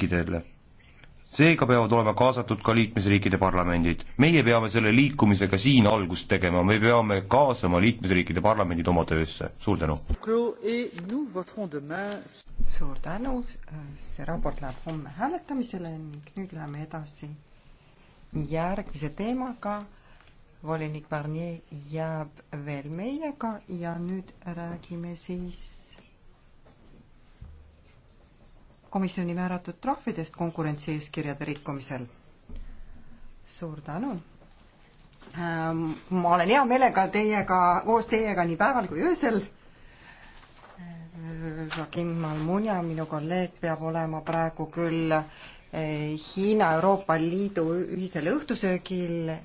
riikidele. seega peavad olema kaasatud ka liikmesriikide parlamendid. meie peame selle liikumisega siin algust tegema, me peame kaasama liikmesriikide parlamendid oma töösse. suur tänu! suur tänu, see raport läheb homme hääletamisele ning nüüd läheme edasi järgmise teemaga. volinik Barnier jääb veel meiega ja nüüd räägime siis komisjoni määratud trahvidest konkurentsieeskirjade rikkumisel. suur tänu ähm, ma olen hea meelega teiega, koos teiega nii päeval kui öösel. Äh, Joaquin Malmunia, minu kolleeg, peab olema praegu küll äh, Hiina-Euroopa Liidu ühisel õhtusöögil äh,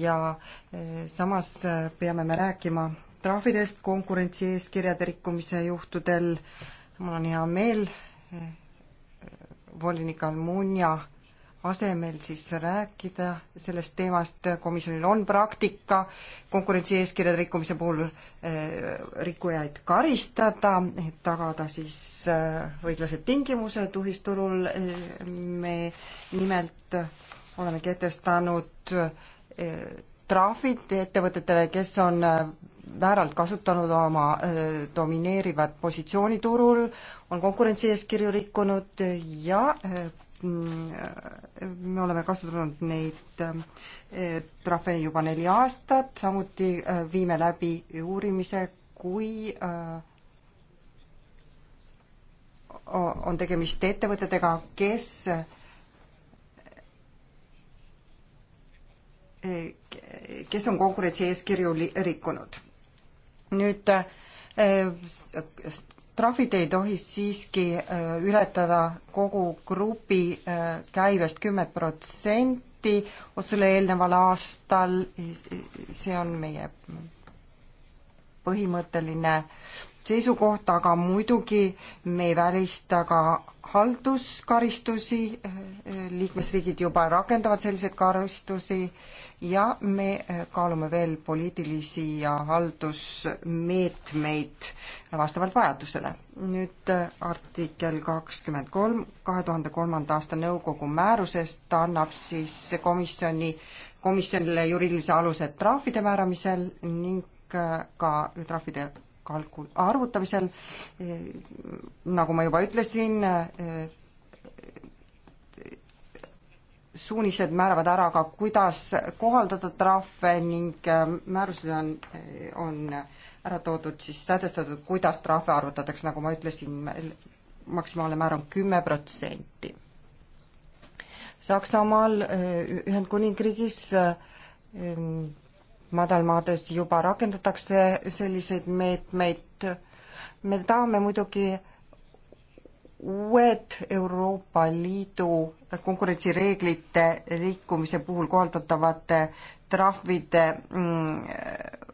ja samas peame me rääkima trahvidest konkurentsieeskirjade rikkumise juhtudel äh, mul on hea meel eh, volinik Almunia asemel siis rääkida sellest teemast, komisjonil on praktika konkurentsieeskirjade rikkumise puhul eh, rikkujaid karistada, et tagada siis eh, õiglased tingimused ühisturul. me nimelt oleme kehtestanud trahvid ettevõtetele, kes on vääralt kasutanud oma domineerivat positsiooni turul, on konkurentsieeskirju rikkunud ja mm, me oleme kasutanud neid trahve juba neli aastat, samuti viime läbi uurimise, kui on tegemist ettevõtetega, kes kes on konkurentsi eeskirju rikkunud nüüd äh, trahvid ei tohi siiski äh, ületada kogu grupi äh, käivest kümmet protsenti otsele eelneval aastal, see on meie põhimõtteline seisukoht, aga muidugi me ei välista ka halduskaristusi, liikmesriigid juba rakendavad selliseid karistusi ja me kaalume veel poliitilisi ja haldusmeetmeid vastavalt vajadusele. nüüd äh, artikkel kakskümmend kolm kahe tuhande kolmanda aasta nõukogu määrusest annab siis komisjoni, komisjonile juriidilise aluse trahvide määramisel ning äh, ka trahvide kalku-, arvutamisel, eh, nagu ma juba ütlesin, eh, suunised määravad ära ka, kuidas kohaldada trahve ning eh, määruses on, on ära toodud siis sätestatud, kuidas trahve arvutatakse, nagu ma ütlesin, maksimaalne määr on kümme protsenti. Saksamaal, Ühendkuningriigis madalmaades juba rakendatakse selliseid meetmeid. me tahame muidugi uued Euroopa Liidu konkurentsireeglite rikkumise puhul kohaldatavate trahvide mm,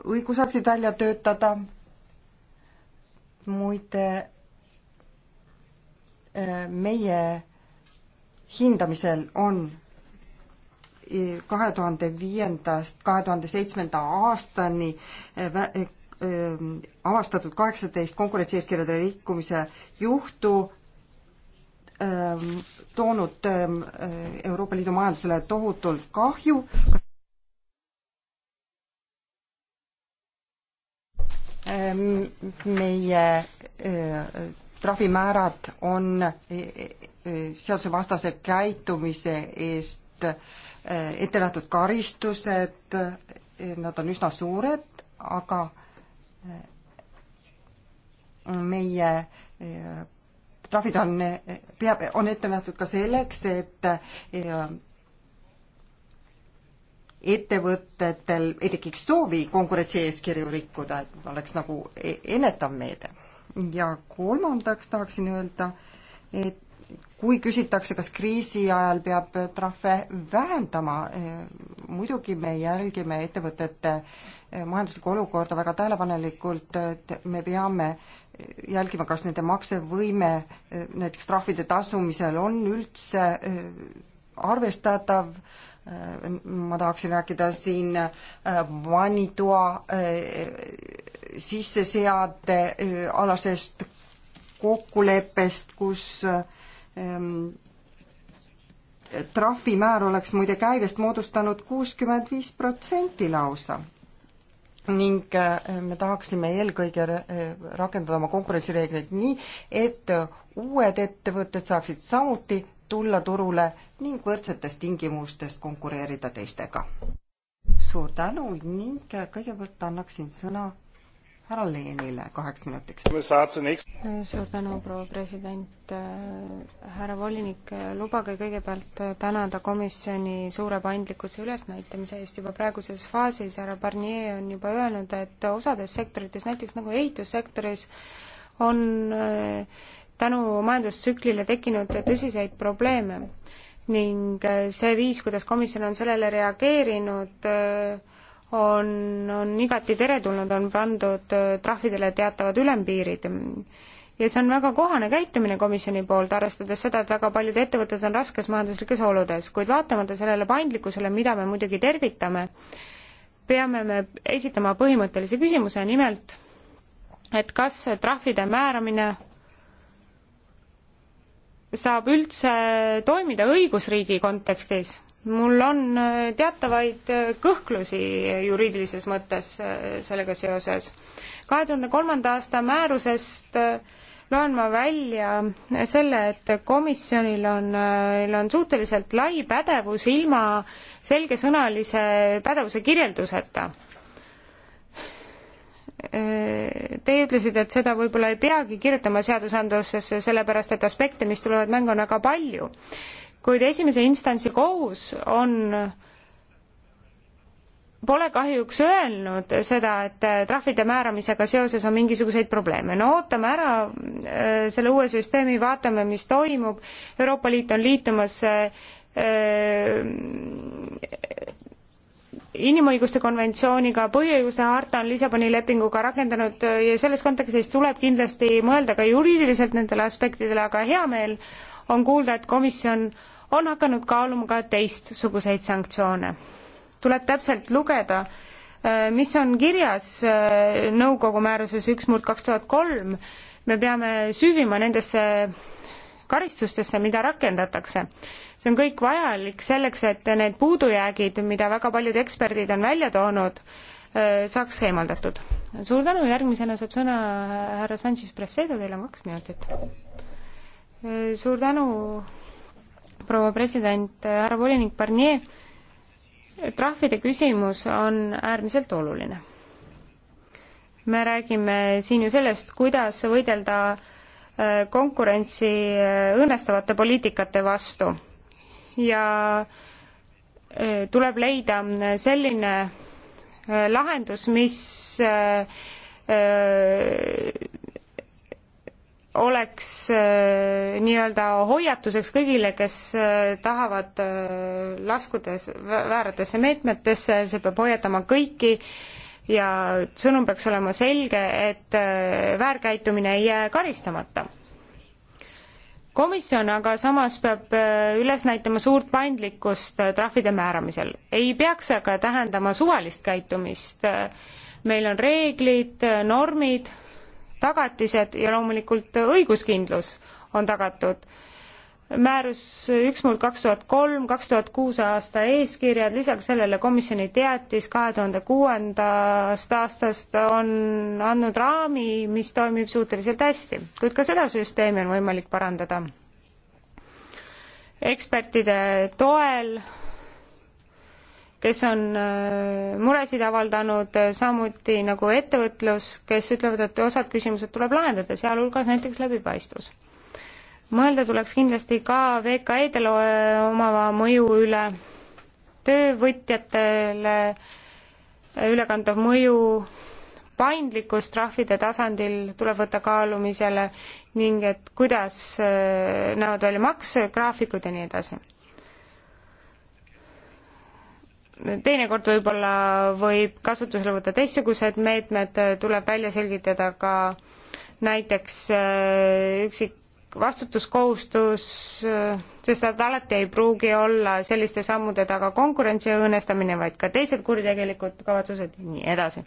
õigusaktid välja töötada. muide, eh, meie hindamisel on kahe tuhande viiendast kahe tuhande seitsmenda aastani eh, eh, eh, avastatud kaheksateist konkurentsieeskirjade rikkumise juhtu toonud Euroopa Liidu majandusele tohutult kahju. meie trahvimäärad on seadusevastase käitumise eest Eh, ette nähtud karistused, eh, nad on üsna suured, aga eh, meie trahvid on, peab, on ette nähtud ka selleks, et ettevõtetel ei tekiks soovi konkurentsieeskirju rikkuda, et oleks nagu e-, ennetav meede. ja kolmandaks tahaksin öelda, et kui küsitakse, kas kriisi ajal peab trahve vähendama, muidugi me jälgime ettevõtete eh, majanduslikku olukorda väga tähelepanelikult, et me peame jälgima, kas nende maksevõime eh, näiteks trahvide tasumisel on üldse eh, arvestatav, ma tahaksin rääkida siin vanitoa sisseseade alasest kokkuleppest, kus äh, Ehm, trahvimäär oleks muide käibest moodustanud kuuskümmend viis protsenti lausa. ning eh, me tahaksime eelkõige eh, rakendada oma konkurentsireegleid nii, et uued ettevõtted saaksid samuti tulla turule ning võrdsetes tingimustes konkureerida teistega. suur tänu ning eh, kõigepealt annaksin sõna härra Leenile kaheks minutiks. suur tänu, proua president. Äh, härra volinik, äh, lubage kõigepealt äh, tänada komisjoni suure paindlikkuse ülesnäitamise eest juba praeguses faasis. härra Barnier on juba öelnud, et osades sektorites, näiteks nagu ehitussektoris, on tänu majandustsüklile tekkinud tõsiseid probleeme ning see viis, kuidas komisjon on sellele reageerinud, on, on igati teretulnud, on pandud äh, trahvidele teatavad ülempiirid. ja see on väga kohane käitumine komisjoni poolt, arvestades seda, et väga paljud ettevõtted on raskes majanduslikes oludes, kuid vaatamata sellele paindlikkusele, mida me muidugi tervitame, peame me esitama põhimõttelise küsimuse, nimelt et kas trahvide määramine saab üldse toimida õigusriigi kontekstis mul on äh, teatavaid äh, kõhklusi äh, juriidilises mõttes sellega seoses. kahe tuhande kolmanda aasta määrusest loen ma välja selle, et komisjonil on, neil on suhteliselt lai pädevus ilma selgesõnalise pädevuse kirjelduseta. Teie ütlesite, et seda võib-olla ei peagi kirjutama seadusandlusesse, sellepärast et aspekte, mis tulevad mängu, on väga palju kuid esimese instantsi kohus on pole kahjuks öelnud seda, et äh, trahvide määramisega seoses on mingisuguseid probleeme. no ootame ära äh, selle uue süsteemi, vaatame, mis toimub. Euroopa Liit on liitumas äh, inimõiguste konventsiooniga, põhiõiguste harta on Lissaboni lepinguga rakendanud ja selles kontekstis tuleb kindlasti mõelda ka juriidiliselt nendele aspektidele, aga hea meel on kuulda, et komisjon on hakanud kaaluma ka teistsuguseid sanktsioone. tuleb täpselt lugeda, äh, mis on kirjas äh, nõukogu määruses üks murd kaks tuhat kolm, me peame süüvima nendesse karistustesse, mida rakendatakse. see on kõik vajalik selleks, et need puudujäägid, mida väga paljud eksperdid on välja toonud, äh, saaks eemaldatud. suur tänu, järgmisena saab sõna härra Sanchez Presedo, teil on kaks minutit suur tänu, proua president, härra volinik Barnier. trahvide küsimus on äärmiselt oluline. me räägime siin ju sellest, kuidas võidelda äh, konkurentsi äh, õõnestavate poliitikate vastu ja äh, tuleb leida selline lahendus, mis oleks äh, nii-öelda hoiatuseks kõigile, kes äh, tahavad äh, laskuda vääratesse meetmetesse, see peab hoiatama kõiki ja sõnum peaks olema selge, et väärkäitumine ei jää karistamata. komisjon aga samas peab üles näitama suurt paindlikkust trahvide määramisel. ei peaks aga tähendama suvalist käitumist. meil on reeglid, normid tagatised ja loomulikult õiguskindlus on tagatud määrus üks muld kaks tuhat kolm, kaks tuhat kuus aasta eeskirjad, lisaks sellele komisjoni teatis kahe tuhande kuuendast aastast on andnud raami, mis toimib suhteliselt hästi, kuid ka seda süsteemi on võimalik parandada. ekspertide toel kes on äh, muresid avaldanud, äh, samuti nagu ettevõtlus, kes ütlevad, et osad küsimused tuleb lahendada, sealhulgas näiteks läbipaistvus. mõelda tuleks kindlasti ka VKE-del äh, omava mõju üle, töövõtjatele ülekantav mõju, paindlikkus trahvide tasandil tuleb võtta kaalumisele ning et kuidas näevad välja maksegraafikud ja nii edasi teinekord võib-olla võib kasutusele võtta teistsugused meetmed, tuleb välja selgitada ka näiteks äh, üksik vastutuskohustus, äh, sest nad alati ei pruugi olla selliste sammude taga konkurentsi õõnestamine, vaid ka teised kuritegelikud kavatsused ja nii edasi.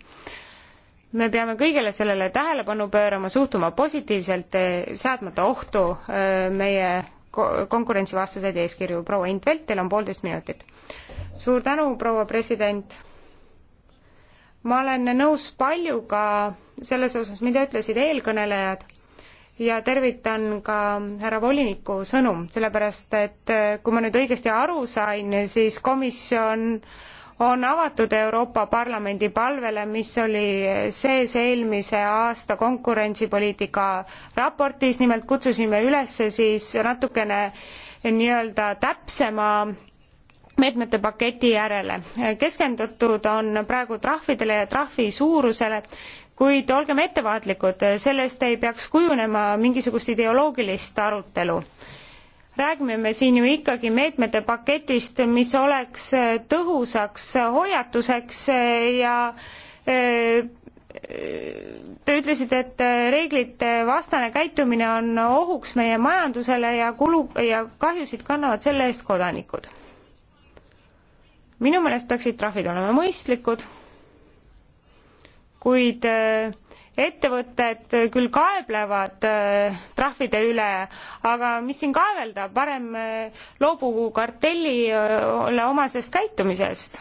me peame kõigele sellele tähelepanu pöörama, suhtuma positiivselt, äh, seadmata ohtu meie konkurentsivastaseid eeskirju. proua Intvelt, teil on poolteist minutit. suur tänu, proua president. ma olen nõus paljuga selles osas, mida ütlesid eelkõnelejad ja tervitan ka härra voliniku sõnum, sellepärast et kui ma nüüd õigesti aru sain, siis komisjon äh, on avatud Euroopa Parlamendi palvele, mis oli sees eelmise aasta konkurentsipoliitika raportis, nimelt kutsusime üles siis natukene nii-öelda täpsema meetmete paketi järele. keskendutud on praegu trahvidele ja trahvi suurusele, kuid olgem ettevaatlikud, sellest ei peaks kujunema mingisugust ideoloogilist arutelu räägime me siin ju ikkagi meetmete paketist, mis oleks äh, tõhusaks äh, hoiatuseks äh, ja Te ütlesite, et reeglite vastane käitumine on ohuks meie majandusele ja kulu ja kahjusid kannavad selle eest kodanikud. minu meelest peaksid trahvid olema mõistlikud, kuid äh, ettevõtted küll kaeblevad äh, trahvide üle, aga mis siin kaevelda, parem äh, loobu kartellile äh, omasest käitumisest.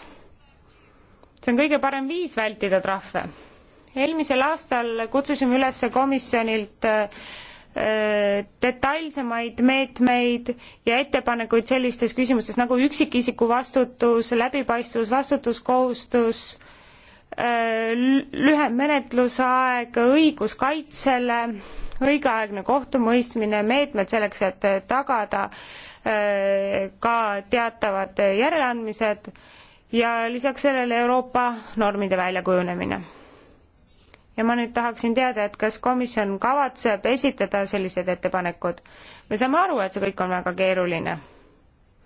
see on kõige parem viis vältida trahve. eelmisel aastal kutsusime üles komisjonilt detailsemaid meetmeid ja ettepanekuid sellistes küsimustes nagu üksikisiku vastutus, läbipaistvus, vastutuskohustus äh,, Äh, lühem menetlusaeg õiguskaitsele, õigeaegne kohtumõistmine, meetmed selleks, et tagada äh, ka teatavad järeleandmised ja lisaks sellele Euroopa normide väljakujunemine. ja ma nüüd tahaksin teada, et kas komisjon kavatseb esitada sellised ettepanekud. me saame aru, et see kõik on väga keeruline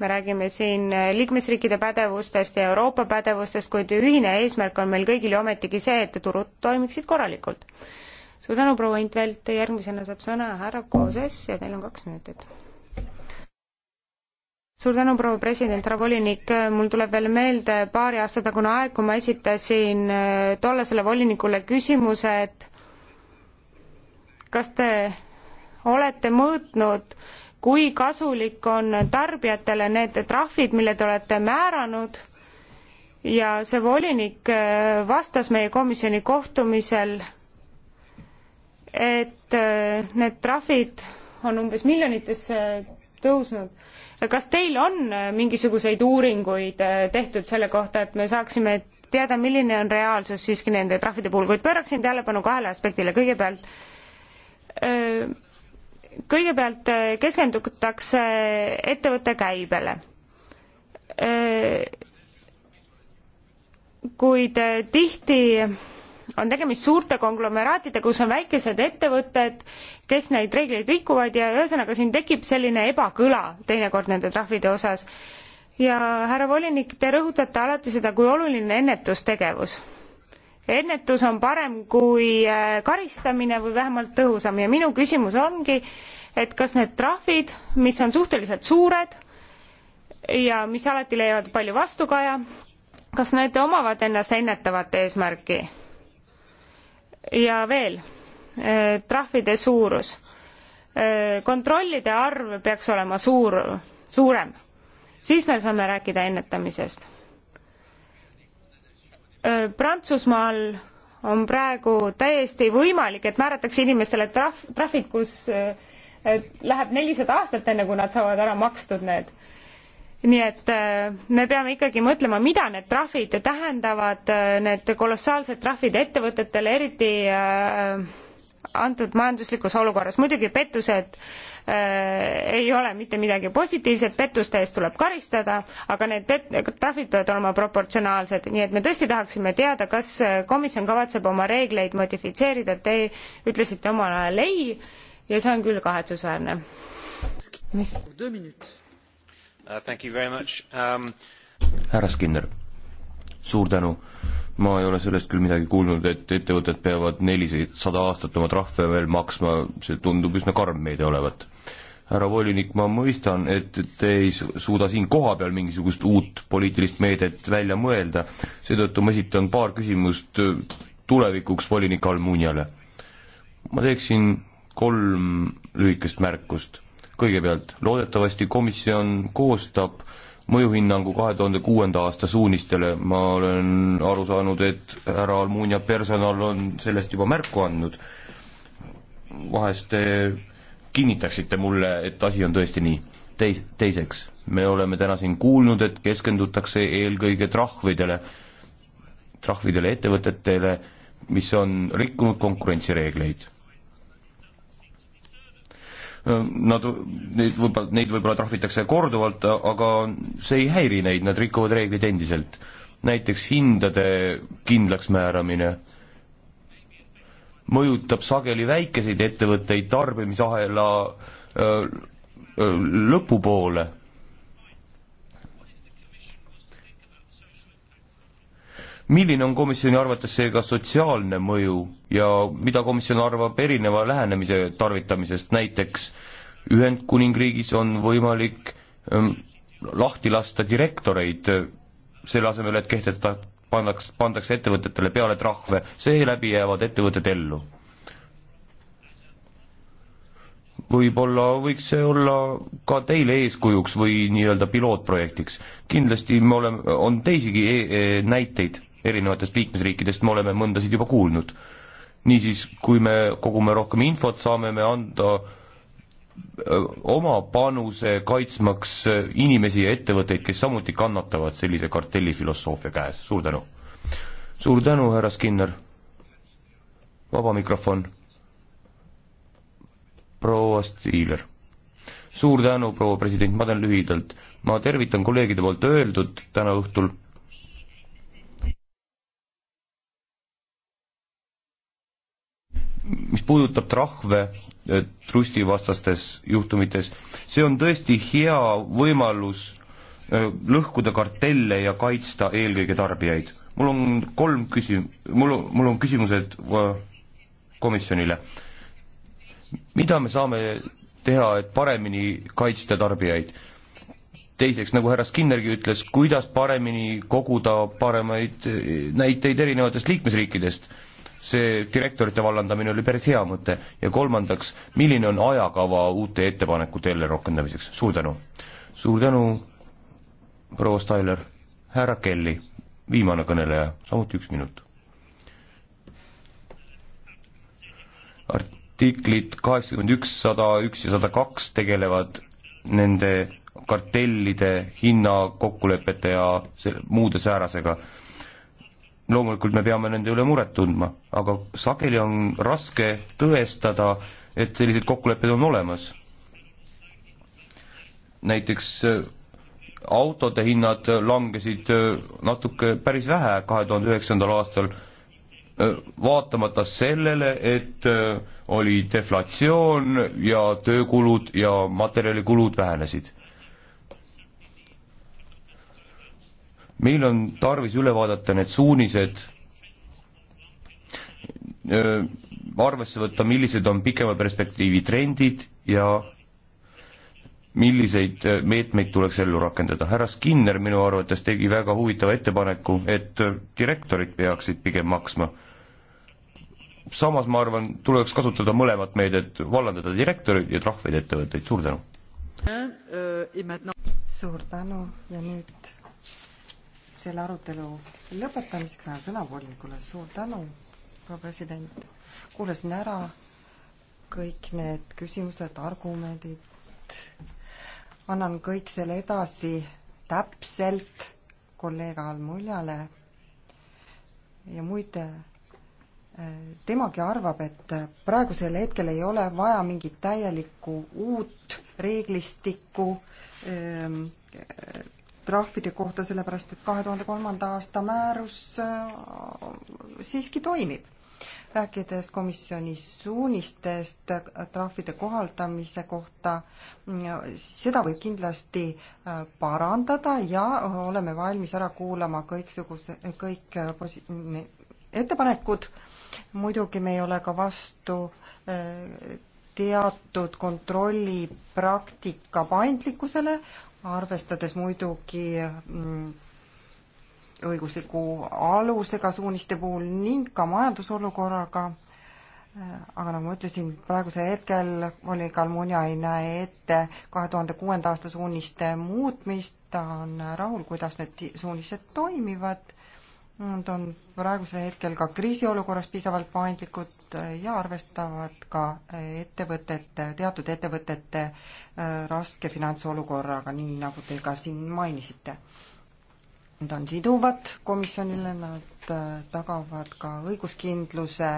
me räägime siin liikmesriikide pädevustest ja Euroopa pädevustest, kuid ühine eesmärk on meil kõigil ju ometigi see, et turud toimiksid korralikult. suur tänu, proua Intvelt, järgmisena saab sõna härra Kooses ja teil on kaks minutit suur tänu, proua president, härra volinik, mul tuleb veel meelde paari aasta tagune aeg, kui ma esitasin eh, tollasele volinikule küsimuse, et kas te olete mõõtnud kui kasulik on tarbijatele need trahvid, mille te olete määranud ja see volinik äh, vastas meie komisjoni kohtumisel, et äh, need trahvid on umbes miljonitesse tõusnud. kas teil on äh, mingisuguseid uuringuid tehtud selle kohta, et me saaksime teada, milline on reaalsus siiski nende trahvide puhul, kuid pööraksin tähelepanu kahele aspektile, kõigepealt öö, kõigepealt äh, keskendutakse ettevõtte käibele. Äh, kuid äh, tihti on tegemist suurte konglomeraatidega, kus on väikesed ettevõtted, kes neid reegleid rikuvad ja ühesõnaga siin tekib selline ebakõla teinekord nende trahvide osas. ja härra volinik, te rõhutate alati seda, kui oluline ennetustegevus ennetus on parem kui äh, karistamine või vähemalt tõhusam ja minu küsimus ongi, et kas need trahvid, mis on suhteliselt suured ja mis alati leiavad palju vastukaja, kas need omavad ennast ennetavat eesmärki? ja veel, äh, trahvide suurus. Äh, kontrollide arv peaks olema suur, suurem. siis me saame rääkida ennetamisest Äh, Prantsusmaal on praegu täiesti võimalik, et määratakse inimestele trahv, trahvid, kus äh, äh, läheb nelisada aastat, enne kui nad saavad ära makstud need. nii et me peame ikkagi mõtlema, mida need trahvid tähendavad, need kolossaalsed trahvid ettevõtetele, eriti äh, antud majanduslikus olukorras. muidugi pettused äh, ei ole mitte midagi positiivset, pettuste eest tuleb karistada, aga need pet-, trahvid peavad olema proportsionaalsed, nii et me tõesti tahaksime teada, kas äh, komisjon kavatseb oma reegleid modifitseerida, te ütlesite omal ajal ei ja see on küll kahetsusväärne. mis? Uh, um, härra Skinner, suur tänu ma ei ole sellest küll midagi kuulnud, et ettevõtted peavad nelisada aastat oma trahve veel maksma, see tundub üsna karm meede olevat. härra volinik, ma mõistan, et te ei suuda siin kohapeal mingisugust uut poliitilist meedet välja mõelda, seetõttu ma esitan paar küsimust tulevikuks volinik Almuniale. ma teeksin kolm lühikest märkust. kõigepealt, loodetavasti komisjon koostab äh, mõjuhinnangu kahe tuhande kuuenda aasta suunistele, ma olen aru saanud, et härra Almunia personal on sellest juba märku andnud. vahest te kinnitaksite mulle, et asi on tõesti nii. Teis-, teiseks, me oleme täna siin kuulnud, et keskendutakse eelkõige trahvidele, trahvidele ettevõtetele, mis on rikkunud konkurentsireegleid Ehm, nad, neid võib-olla, neid võib-olla trahvitakse korduvalt, aga see ei häiri neid, nad rikuvad reegleid endiselt. näiteks hindade kindlaksmääramine mõjutab sageli väikeseid ettevõtteid tarbimisahela lõpupoole milline on komisjoni arvates seega sotsiaalne mõju ja mida komisjon arvab erineva lähenemise tarvitamisest, näiteks Ühendkuningriigis on võimalik ähm, lahti lasta direktoreid, äh, selle asemel, et kehtestada, pannakse, pandakse ettevõtetele peale trahve, seeläbi jäävad ettevõtted ellu. võib-olla võiks see olla ka teile eeskujuks või nii-öelda pilootprojektiks. kindlasti me oleme, on teisigi e e näiteid erinevatest liikmesriikidest me oleme mõndasid juba kuulnud. niisiis, kui me kogume rohkem infot, saame me anda oma panuse kaitsmaks inimesi ja ettevõtteid, kes samuti kannatavad sellise kartellifilosoofia käes, suur tänu. suur tänu, härra Skinner. vaba mikrofon. proua Stiiler. suur tänu, proua president, ma teen lühidalt. ma tervitan kolleegide poolt öeldud täna õhtul mis puudutab trahve eh, trustivastastes juhtumites, see on tõesti hea võimalus eh, lõhkuda kartelle ja kaitsta eelkõige tarbijaid. mul on kolm küsim-, mul on, mul on küsimused äh, komisjonile. mida me saame teha, et paremini kaitsta tarbijaid? teiseks, nagu härra Skinnergi ütles, kuidas paremini koguda paremaid eh, näiteid erinevatest liikmesriikidest see direktorite vallandamine oli päris hea mõte ja kolmandaks, milline on ajakava uute ettepanekute jälle rakendamiseks, suur tänu. suur tänu, proua Styler, härra Kelly, viimane kõneleja, samuti üks minut. artiklid kaheksakümmend üks, sada üks ja sada kaks tegelevad nende kartellide hinnakokkulepete ja muude säärasega loomulikult me peame nende üle muret tundma, aga sageli on raske tõestada, et sellised kokkulepped on olemas. näiteks äh, autode hinnad äh, langesid äh, natuke päris vähe kahe tuhande üheksandal aastal, vaatamata sellele, et oli deflatsioon ja töökulud ja materjalikulud vähenesid meil on tarvis üle vaadata need suunised, arvesse võtta, millised on pikema perspektiivi trendid ja milliseid meetmeid tuleks ellu rakendada. härra Skinner minu arvates tegi väga huvitava ettepaneku, et direktorid peaksid pigem maksma. samas ma arvan, tuleks kasutada mõlemat meedet, vallandada direktorid ja trahvida ettevõtteid, suur tänu! suur tänu ja nüüd selle arutelu lõpetamiseks annan sõna volinikule. suur tänu, proua president. kuulasin ära kõik need küsimused, argumendid. annan kõik selle edasi täpselt kolleeg Almuljale. ja muide, temagi arvab, et praegusel hetkel ei ole vaja mingit täielikku uut reeglistikku ähm, trahvide kohta, sellepärast et kahe tuhande kolmanda aasta määrus äh, siiski toimib. rääkides komisjoni suunistest äh, trahvide kohaldamise kohta, mm, seda võib kindlasti äh, parandada ja oleme valmis ära kuulama kõiksuguse, kõik posi-, ettepanekud, muidugi me ei ole ka vastu teatud kontrollipraktika paindlikkusele, arvestades muidugi mm, õigusliku alusega suuniste puhul ning ka majandusolukorraga, äh, aga nagu ma ütlesin, praegusel hetkel volinik Almunia ei näe ette kahe tuhande kuuenda aasta suuniste muutmist, ta on rahul, kuidas need suunised toimivad Nad on praegusel hetkel ka kriisiolukorras piisavalt paindlikud ja arvestavad ka ettevõtete, teatud ettevõtete äh, raske finantsolukorraga, nii nagu te ka siin mainisite. Nad on siduvad komisjonile, nad äh, tagavad ka õiguskindluse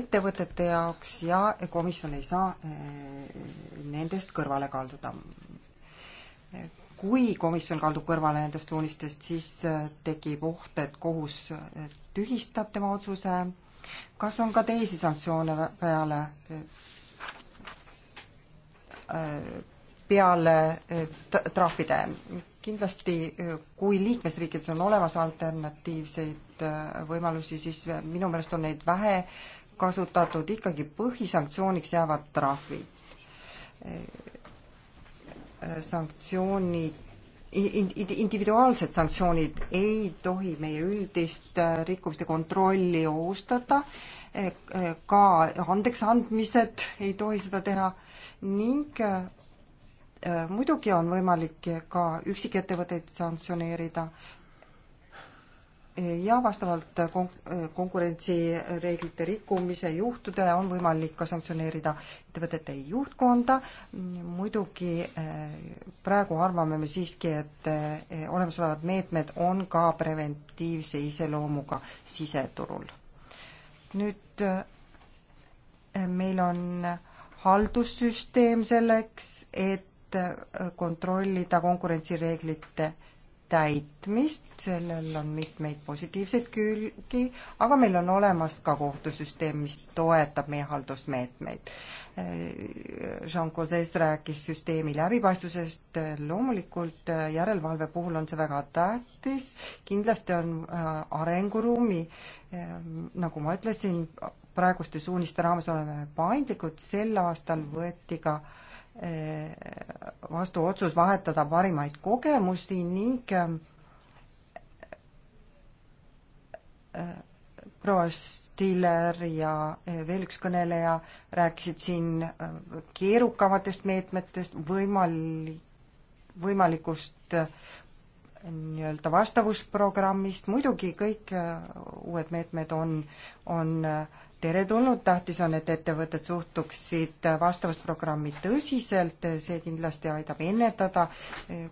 ettevõtete jaoks ja komisjon ei saa äh, nendest kõrvale kalduda kui komisjon kaldub kõrvale nendest suunistest, siis tekib oht, et kohus tühistab tema otsuse kas on ka teisi sanktsioone peale, äh, peale äh, trahvide? kindlasti, äh, kui liikmesriikides on olemas alternatiivseid võimalusi, siis minu meelest on neid vähe kasutatud, ikkagi põhisanktsiooniks jäävad trahvid sanktsioonid individuaalsed sanktsioonid ei tohi meie üldist äh, rikkumiste kontrolli ohustada, äh, äh, ka andeksandmised ei tohi seda teha ning muidugi on võimalik ka üksikettevõtteid sanktsioneerida, ja vastavalt kon-, konkurentsireeglite rikkumise juhtudele on võimalik ka sanktsioneerida ettevõtete juhtkonda, muidugi eh, praegu arvame me siiski, et eh, olemasolevad meetmed on ka preventiivse iseloomuga siseturul. nüüd eh, meil on haldussüsteem selleks, et kontrollida konkurentsireeglite täitmist, sellel on mitmeid positiivseid külgi, aga meil on olemas ka kohtusüsteem, mis toetab meie haldusmeetmeid. Jean Cosès rääkis süsteemi läbipaistvusest, loomulikult järelevalve puhul on see väga tähtis, kindlasti on äh, arenguruumi, äh, nagu ma ütlesin, praeguste suuniste raames oleme paindlikud, sel aastal võeti ka äh, Eh, vastu otsus vahetada parimaid kogemusi ning eh, eh, proua Stiller ja veel üks kõneleja rääkisid siin keerukamatest meetmetest, võimal-, võimalikust nii-öelda vastavusprogrammist, muidugi kõik äh, uued meetmed on, on äh, teretulnud, tähtis on, et ettevõtted suhtuksid äh, vastavusprogrammi tõsiselt, see kindlasti aitab ennetada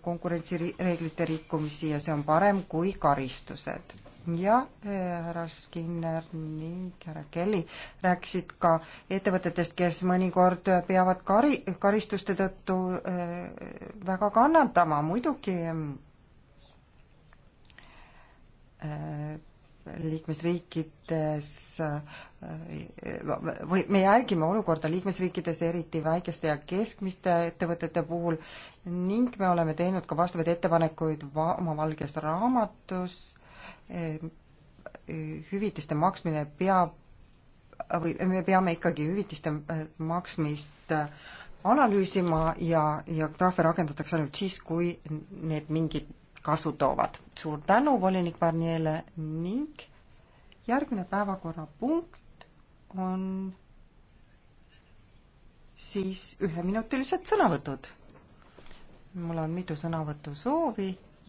konkurentsireeglite rikkumisi ja see on parem kui karistused. ja härra Skinner ning härra Kelly rääkisid ka ettevõtetest, kes mõnikord peavad kari-, karistuste tõttu väga kannatama, muidugi ähm, Äh, liikmesriikides äh, või me jälgime olukorda liikmesriikides, eriti väikeste ja keskmiste ettevõtete puhul ning me oleme teinud ka vastavaid ettepanekuid oma valges raamatus. Äh, hüvitiste maksmine peab või me peame ikkagi hüvitiste maksmist analüüsima ja, ja trahve rakendatakse ainult siis, kui need mingit kasu toovad. suur tänu volinik Barniele ning järgmine päevakorrapunkt on siis üheminutilised sõnavõtud. mul on mitu sõnavõtusoovi